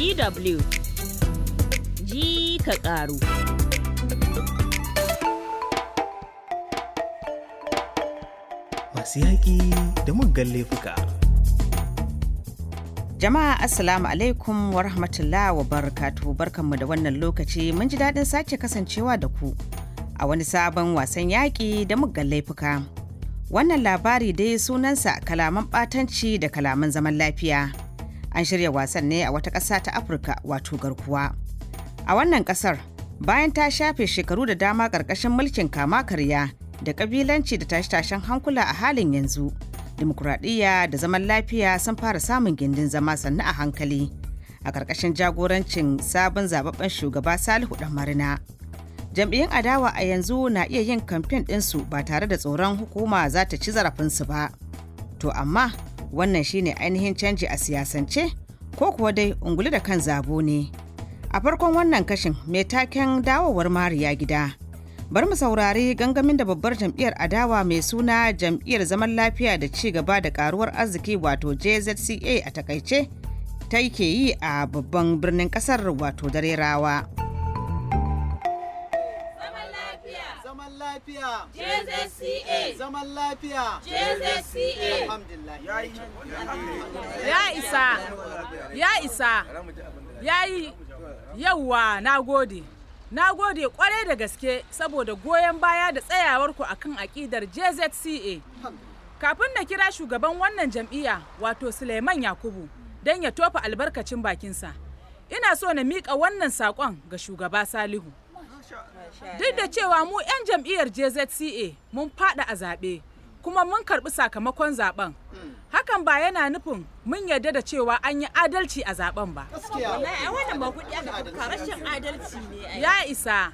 DW ji ka ƙaru. Masu yaƙi da muggan laifuka. Jama'a Assalamu alaikum wa rahmatullah wa barakatu barkanmu da wannan lokaci mun ji daɗin sake kasancewa da ku a wani sabon wasan yaƙi da muggan laifuka. Wannan labari dai sunansa kalaman ɓatanci da kalaman zaman lafiya. An shirya wasan ne a wata ƙasa ta Afirka wato garkuwa. A wannan ƙasar bayan ta shafe shekaru da dama ƙarƙashin mulkin kama karya da ƙabilanci da tashe-tashen hankula a halin yanzu. Dimokuraɗiyya da zaman lafiya sun fara samun gindin zama sannu a hankali. A ƙarƙashin jagorancin sabon zababben shugaba Salihu dan Marina. Jam'iyyun adawa a yanzu na iya yin kamfen ɗinsu ba tare da tsoron hukuma za ta ci zarafinsu ba. To amma wannan shine ainihin canji a siyasance ko kuwa dai ungulu da kan zabo ne a farkon wannan kashin mai taken dawowar mariya gida bar mu saurari gangamin da babbar jam'iyyar adawa mai suna jam'iyyar zaman lafiya da ci gaba da karuwar arziki wato jzca a takaice ta ke yi a babban birnin kasar wato dare rawa. zaman lafiya JZCA zaman lafiya JZCA ya isa ya isa ya yi yauwa na gode na gode kwarai da gaske saboda goyon baya da tsayawarku akan akidar JZCA kafin na kira shugaban wannan jam'iyya wato Suleiman Yakubu don ya tofa albarkacin bakinsa ina so na miƙa wannan saƙon ga shugaba Salihu Duk da cewa mu 'yan jam'iyyar JZCA mun fada a zaɓe kuma mun karɓi sakamakon zaɓen. Hakan ba yana nufin mun yarda da cewa an yi adalci a zaɓen ba. Ya isa.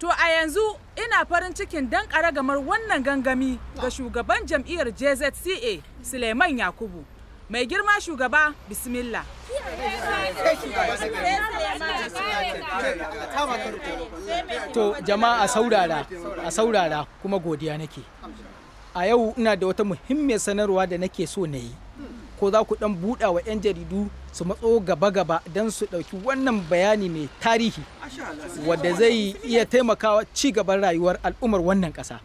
To a yanzu ina farin cikin dan ƙaragamar wannan gangami ga shugaban jam'iyyar JZCA Suleiman Yakubu. mai girma shugaba bismillah to jama'a saurara a saurara kuma godiya nake a yau ina da wata muhimmiyar sanarwa da nake so na yi ko za ku dan buɗa wa 'yan jaridu su matso gaba-gaba don su ɗauki wannan bayani mai tarihi wadda zai iya taimakawa ci gaban rayuwar al'ummar wannan ƙasa.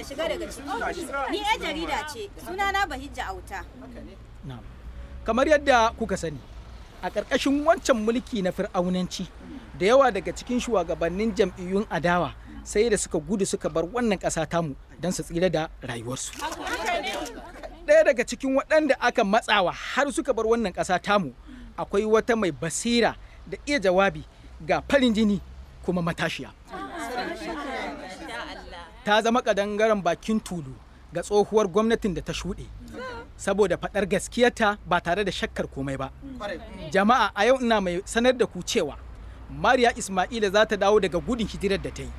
na shiga daga ciki oh, ni yan jarida ce sunana bahijja auta kamar yadda kuka sani a ƙarƙashin wancan mulki na fir'aunanci da yawa daga cikin shugabannin jam'iyyun adawa sai da suka gudu suka bar wannan ƙasa tamu don su tsira da rayuwarsu ɗaya daga cikin waɗanda aka matsawa har suka bar wannan ƙasa tamu akwai wata mai basira da iya jawabi ga farin jini kuma matashiya ta zama kadangaren bakin tulu ga tsohuwar gwamnatin da ta shuɗe saboda faɗar gaskiyarta ba tare da shakkar komai ba jama'a a yau ina mai sanar da ku cewa mariya ismaila za ta dawo daga gudun hijirar da ta yi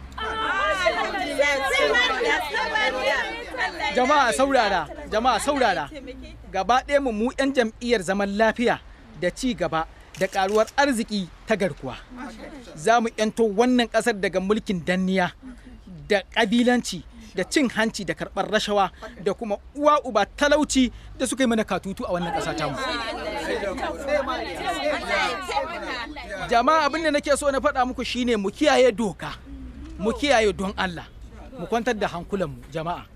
jama'a saurara jama'a saurara gaba ɗaya mu mu 'yan jam'iyyar zaman lafiya da ci gaba da karuwar arziki ta garkuwa za mu 'yanto wannan ƙasar daga mulkin danniya da ƙabilanci da cin hanci da karɓar rashawa da kuma uwa uba talauci da suka yi mana katutu a wannan ƙasa tamu. Jama'a abin da nake so na faɗa muku shine mu kiyaye doka, mu kiyaye don Allah, mu kwantar da hankulanmu jama'a.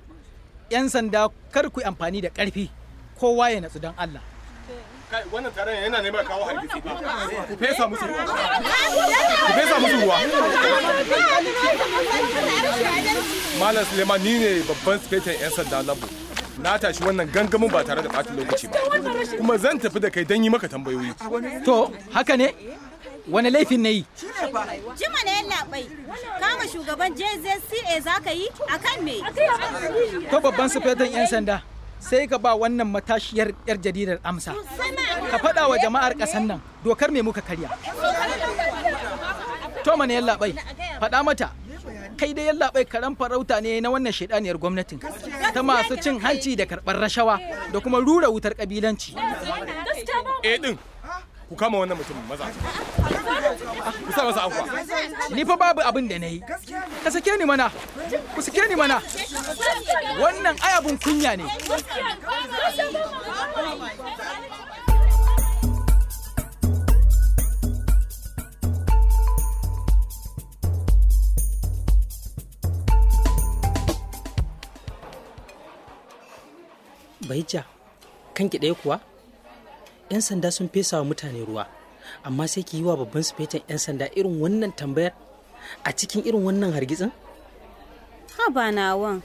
'Yan sanda kar ku amfani da ƙarfi, kowa ya natsu don Allah. wannan taron yana neman kawo hargitsi ba ku fesa musu ruwa ku fesa musu ruwa Malam Suleiman ni ne babban sifetin 'yan sanda lambu Na tashi wannan gangamin ba tare da ɓata lokaci ba. Kuma zan tafi da kai don yi maka tambayoyi. To, haka ne? Wani laifin na yi? Jima na yan labai, kama shugaban JZCA za ka yi a kan me? To babban sufetan 'yan sanda, sai ka ba wannan matashiyar 'yar jaridar amsa. Ka faɗa wa jama'ar ƙasan nan dokar me muka karya. To mana yan labai, faɗa mata kai dai yallaɓai karan farauta ne na wannan shaidaniyar gwamnatin ta masu cin hanci da karɓar rashawa da kuma rura wutar kabilanci Eh din ku kama wannan mutum maza. Ku sa masa Ni fa babu abin da na Ka sake ni mana. Ku sake ni mana. Wannan ayabun kunya ne. baija kanki ɗaya kuwa? 'Yan sanda sun fesa wa mutane ruwa, amma sai ki yi wa babban fetan 'yan sanda irin wannan tambayar a cikin irin wannan hargitsin? Ha ba nawan,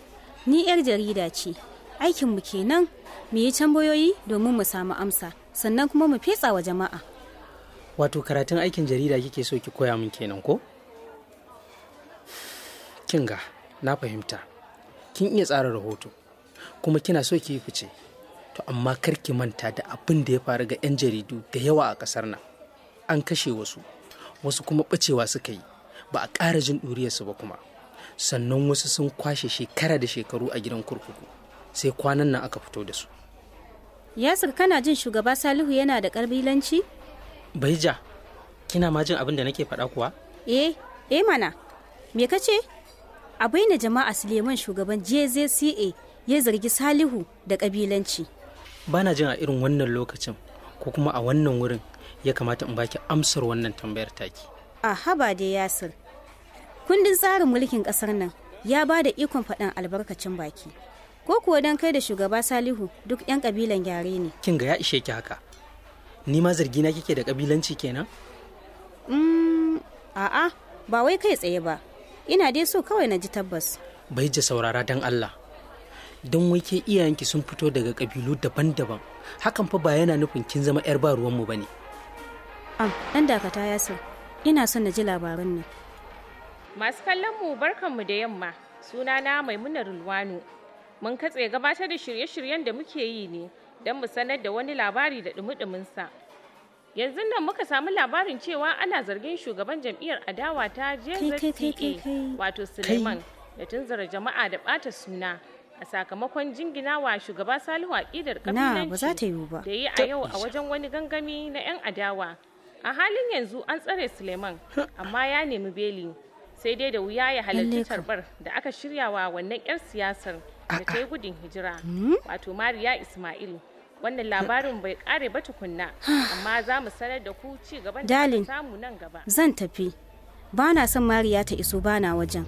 ni 'yar jarida ce, aikinmu kenan mu yi tambayoyi domin mu samu amsa, sannan kuma mu fesa wa jama'a. Wato karatun aikin jarida kike so ki koya min kenan ko? Kinga, na fahimta. Kin iya tsara rahoto. kuma kina so ki yi fice to amma kar ki manta da abin da ya faru ga 'yan jaridu da yawa a kasar nan an kashe wasu wasu kuma ɓacewa suka yi ba a ƙara jin ɗuriyarsu ba kuma sannan wasu sun kwashe shekara da shekaru a gidan kurkuku sai kwanan nan aka fito da su yasir kana jin shugaba salihu yana da ƙarbilanci baija kina ma jin abin da nake faɗa kuwa eh eh mana me ka ce a baina jama'a suleiman shugaban jzca ya zargi salihu da kabilanci bana jin a irin wannan lokacin ko kuma a wannan wurin ya kamata in baki amsar wannan tambayar taki a haba da yasir kundin tsarin mulkin kasar nan ya ba da ikon faɗan albarkacin baki ko kuwa don kai da shugaba salihu duk 'yan kabilan gyare ne kin ga ya ishe ki haka ni ma zargina kike da kabilanci kenan mm, a'a ba wai kai tsaye ba ina dai so kawai na ji tabbas bai ji saurara don allah don wai iyayenki sun fito daga kabilu daban-daban hakan fa ba yana nufin kin zama 'yar ba ruwanmu ba ne am dan dakata yasir ina son na ji labarin ne. masu kallon mu barkanmu da yamma suna na maimuna rulwanu mun katse gabatar da shirye-shiryen da muke yi ne don mu sanar da wani labari da dumi sa yanzu nan muka samu labarin cewa ana zargin shugaban jam'iyyar adawa ta jzta wato suleiman da tunzara jama'a da bata suna a sakamakon jingina wa shugaba salihu aƙidar kafinanci da yi a yau a wajen wani gangami na 'yan adawa a halin yanzu an tsare suleiman amma ya nemi beli sai dai da wuya ya halarci tarbar da aka shirya wa wannan 'yar siyasar da ta yi gudun hijira hmm? wato mariya ismail wannan labarin bai kare ba tukunna amma za mu sanar da ku ci gaban da samu nan gaba zan tafi bana son mariya ta iso bana wajen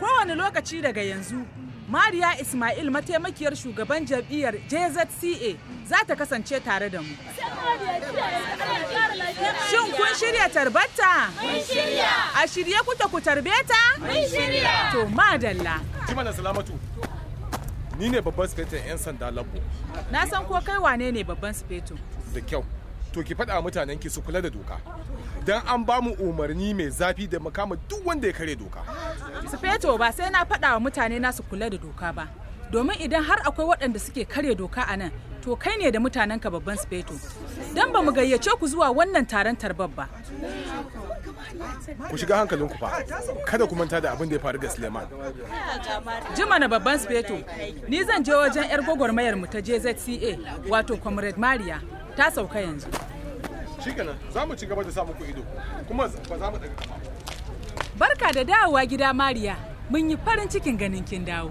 kowane lokaci daga yanzu Mariya Ismail mataimakiyar shugaban jam'iyyar JZCA za ta kasance tare da mu. Shin kun shirya tarbatta? Mun shirya. A shirye kuke ku tarbe ta? Mun shirya. To madalla. na Salamatu. Ni ne babban sifetin 'yan sanda labo. Na san ko kai wane ne babban sifetin. Da kyau. To ki faɗa mutanen ki su kula da doka. Dan an ba mu umarni mai zafi da makama duk wanda ya kare doka. feto ba sai na faɗa wa mutane na su kula da doka ba domin idan har akwai waɗanda suke karya doka a nan to kai ne da mutanenka babban speto don ba mu gayyace ku zuwa wannan taron tarbar ba ku shiga hankalinku fa kada ku manta da abin da ya faru ga suleiman jima na babban speto ni zan je wajen yar gwagwarmayar mu ta jzca wato comrade maria ta sauka yanzu shikenan za mu ci gaba da samun ku ido kuma ba za mu daga kafa Barka da dawowa gida Mariya, mun yi farin cikin ganin kin dawo.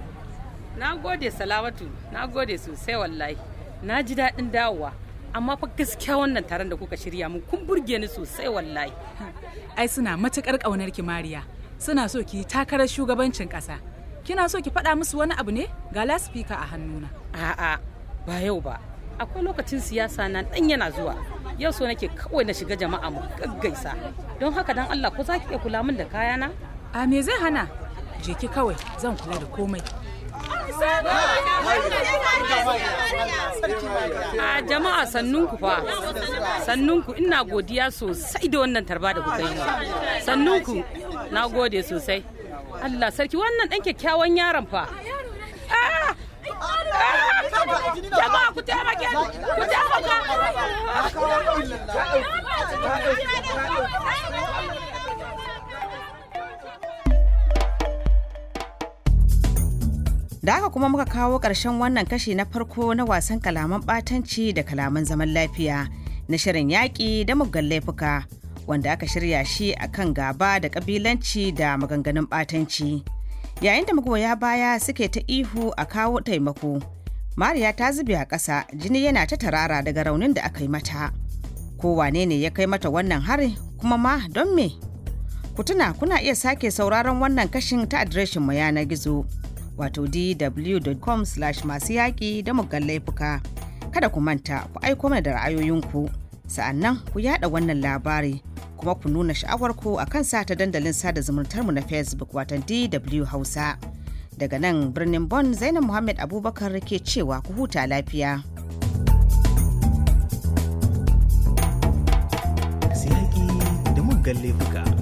Na gode Salawatu, na gode sosai wallahi. Na ji daɗin dawowa, amma fa gaskiya wannan taron da kuka shirya mun kun burge ni sosai wallahi. Ai suna matuƙar ƙaunar ki Mariya, suna so ki takarar shugabancin ƙasa. Kina so ki faɗa musu wani abu ne? Ga lasfika a hannuna. A'a, ba yau ba. Akwai lokacin siyasa na ɗan yana zuwa. yau so nake kawai na shiga jama'a mu gaggaisa don haka dan Allah ko zaki iya kula min da kayana a me zai hana je ki kawai zan kula da komai a jama'a sannunku fa sannunku ina godiya sosai da wannan tarba da kuka yi sannunku na gode sosai Allah sarki wannan dan kyakkyawan yaron fa ah! ah! Da haka kuma muka kawo ƙarshen wannan kashi na farko na wasan kalaman ɓatanci da kalaman zaman lafiya na shirin yaƙi da muggan laifuka wanda aka shirya shi a kan gaba da ƙabilanci da maganganun ɓatanci. Yayin da magoya baya suke ta ihu a kawo taimako, mariya ta zube a ƙasa jini yana ta tarara daga raunin da aka yi mata kowane ne ya kai mata wannan hari kuma ma don me ku tuna kuna iya sake sauraron wannan kashin ta adireshin mu yanar gizo wato dw.com masu yaƙi da muggan laifuka kada ku manta ku aiko mana da ra'ayoyinku sa'annan ku yada wannan labari kuma ku nuna sha'awarku a kan sa dandalin sada zumuntar mu na facebook watan dw hausa Daga nan birnin Bon Zainab Muhammad Abubakar ke cewa ku huta lafiya. Siyaki da muggan laifuka.